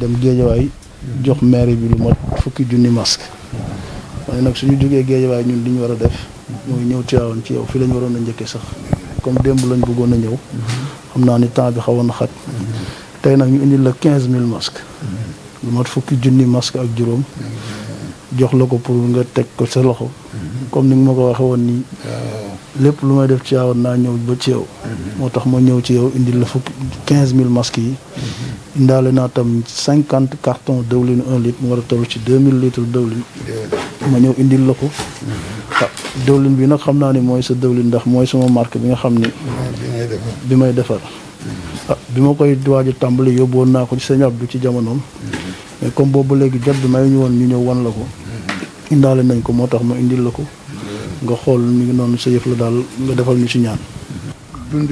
dem géejawaay jox maire bi lu mot fukki junni masque ma nag suñu jógee géejawaay ñun li war a def mooy ñëw Tiwaawan ci yow lañ waroon a njëkkee sax comme démb lañ bëggoon a ñëw xam naa ni temps bi xawoon na xat tey nag ñu indil la quinze mille lu mat fukki junni masque ak juróom jox la ko pour nga teg ko sa loxo comme ni nga ma ko waxee woon nii lépp lu may def Tiwaawan naa ñëw ba ci yow moo tax ma ñëw ci yow indil la fukki quinze mille masques yi indaale naa tam cinquante carton dëwlin un litre mu war a tollu ci deux mille litres dëwlin ma ñëw indil la ko mm-hmm. ah dëwlin bi nag xam naa ni mooy sa dëwlin ndax mooy sama marque bi nga xam ni bi may defar mm-hmm. ah, bi ma koy waaj tàmbali yóbbuwoon naa ko ci sëñ Abdou ci jamonoom mm-hmm. mais comme boobu léegi jot bi may ñu woon ñu ñëw wan la ko indaale nañ ko moo tax ma indil la ko nga xool mi ngi noonu sa yëf la daal nga defal ñu ci ñaan dund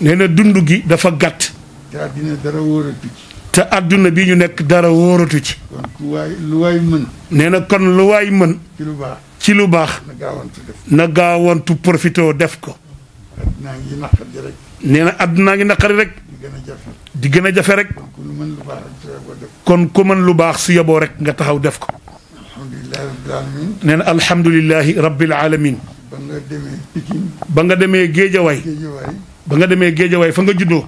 nee na dund gi dafa gàtt te àddina àdduna bi ñu nekk dara wóoratu ci. kon nee na kon lu waay mën. ci lu baax ci lu baax. na gaawantu def na gaawantu def ko. àddinaa ngi naqari rek. nee na àddinaa ngi naqari gën a jafe. di gën rek. kon ku mën lu baax su yeboo rek nga taxaw def ko. alhamdulilah rabbil alamin. na alhamdulilahi rabbil alamin. ba nga nga demee Géejawaay. Géejawaay. ba nga demee Géejawaay fa nga juddoo.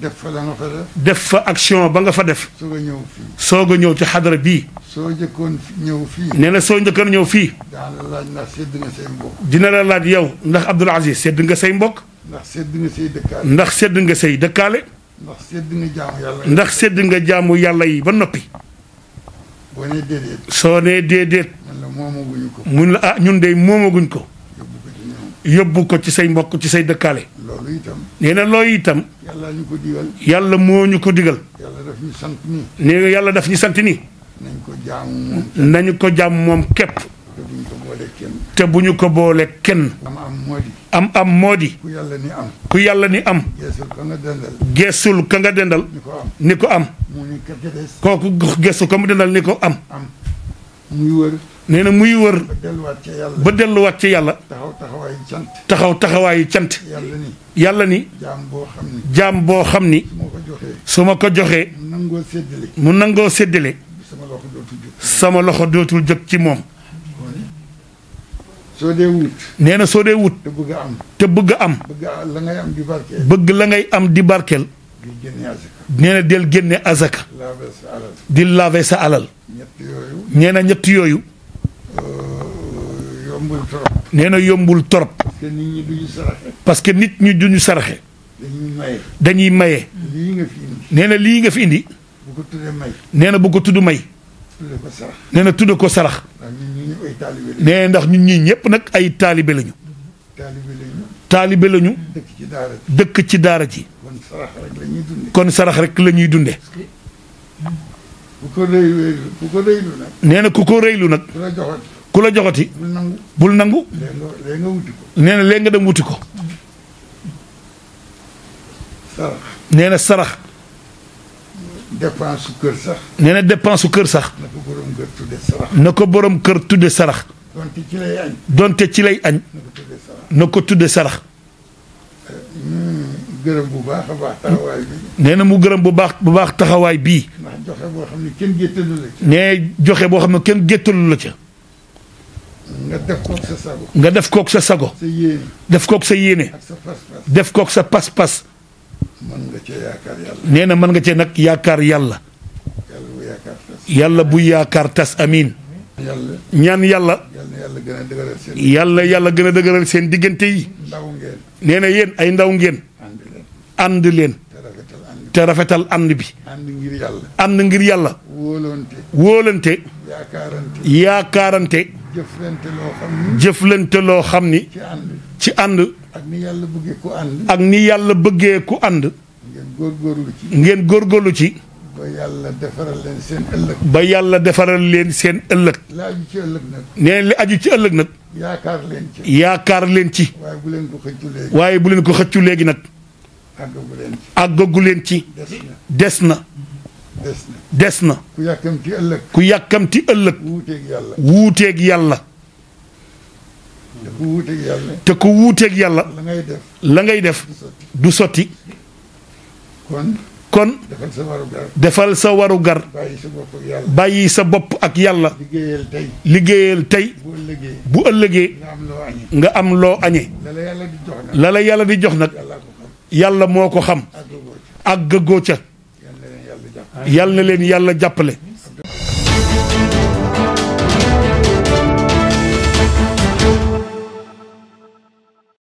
def fa la nga fa def. def fa action ba nga fa def. soog a ñëw fii. soog a ñëw ci xadara bii. soo njëkkoon ñëw fii. nee na soo njëkkoon ñëw fii. dina la laaj ndax sedd nga say dina la laaj yow ndax Abdoul Aziz sedd nga sey mbokk. ndax sedd nga say dëkkaale. ndax sedd nga say dëkkaale. ndax jaamu yàlla. ndax sedd nga jaamu yàlla yi ba noppi. boo nee déedéet. soo nee déedéet. la moomaguñ ko. mun la ah ñun de moomaguñ ko. yóbbu ko ci say mbokk ci say dëkkaale. loolu itam. nee itam. yàlla ko digal. yàlla moo ñu ko digal. yàlla daf ñu sant nii. yàlla daf ñu sant nii. nañu ko jaam moom képp. te bu ñu ko boole kenn. te am am moo am am moo ku yàlla ni am. ku yàlla ni am. geesul ka nga dendal. ka nga dendal. ni ko am ni ko am. kooku geesul ka mu dendal ni ko am. am muy wër. nee na muy wër. ba delluwaat ca yàlla taxaw taxawaayu cant. yàlla ni jaam boo xam ni. su ma ko joxee. mu nangoo séddale. sama loxo dootul jóg ci moom. soo dee soo dee wut. te bëgg am. te bëgg am. la ngay am di barkel bëgg la génne azaka. di laave sa alal. ñett na ñett yooyu. yombul nee na yombul trop. parce que nit ñi duñu saraxe. saraxe. dañuy maye. dañuy lii nga fi indi. nee na lii nga fi indi. bu ko tuddee may. nee na bu ko tudd may. ko sarax. nee na tuddee ko ndax ñun ñii ñëpp nag ay taalibe lañu. taalibe lañu. taalibe dëkk ci daara ji. dëkk ci kon sarax rek lañuy dunde dundee. ku ko rëylu nag. ku la joxati. bul nangu bul nangu. léegi nga wuti ko. nee na léegi nga dem wuti ko. sarax nee na sarax. dépense su kër sax. nee na dépense su kër sax. na ko borom kër tudde sarax. na ko donte ci lay añ. donte na ko tudde sarax. Hmm, gërëm bu baax a na mu gërëm bu baax bu baax taxawaay bii. ndax joxe boo xam ne kenn géttalu la joxe boo xam ne kenn géttalu la ci nga def kook sa sago. nga def kook sa sago. def kook sa yéene. ak pas-pas. def kook sa nga cee na mën nga cee nag yaakaar yàlla. yàlla bu yaakaar tas amiin. yàlla ñaan yàlla. yàlla yàlla gën a dëgëral seen diggante yi. ndaw ngeen. nee na yéen ay ndaw ngeen. ànd leen. te rafetal ànd bi. ànd ngir yàlla. wóolante. yaakaarante. jëflante loo xam ni. jëflante loo xam ni. ci ànd. ak ni yàlla bëggee ku ànd. yàlla bëggee ku ànd. ngeen góor góorlu ci. ba yàlla defaral leen seen ëllëg. ba yàlla defaral leen seen ëllëg. li ci ëllëg nag. nee li aju ci ëllëg nag. yaakaar leen ci. leen ci. waaye bu leen ko xëccu léegi. waaye bu leen ko xëccu léegi nag. àggagu leen ci. leen ci. des na. des na ku yàkkamti ëllëg ku wuuteeg yàlla te ku wuuteeg yàlla la ngay def du sotti kon defal sa waru gar bàyyi sa bopp ak yàlla liggéeyal tey bu ëllëgee nga am loo añee la la yàlla di jox nag yàlla moo ko xam àggagoo ca yalla na len yalla jappale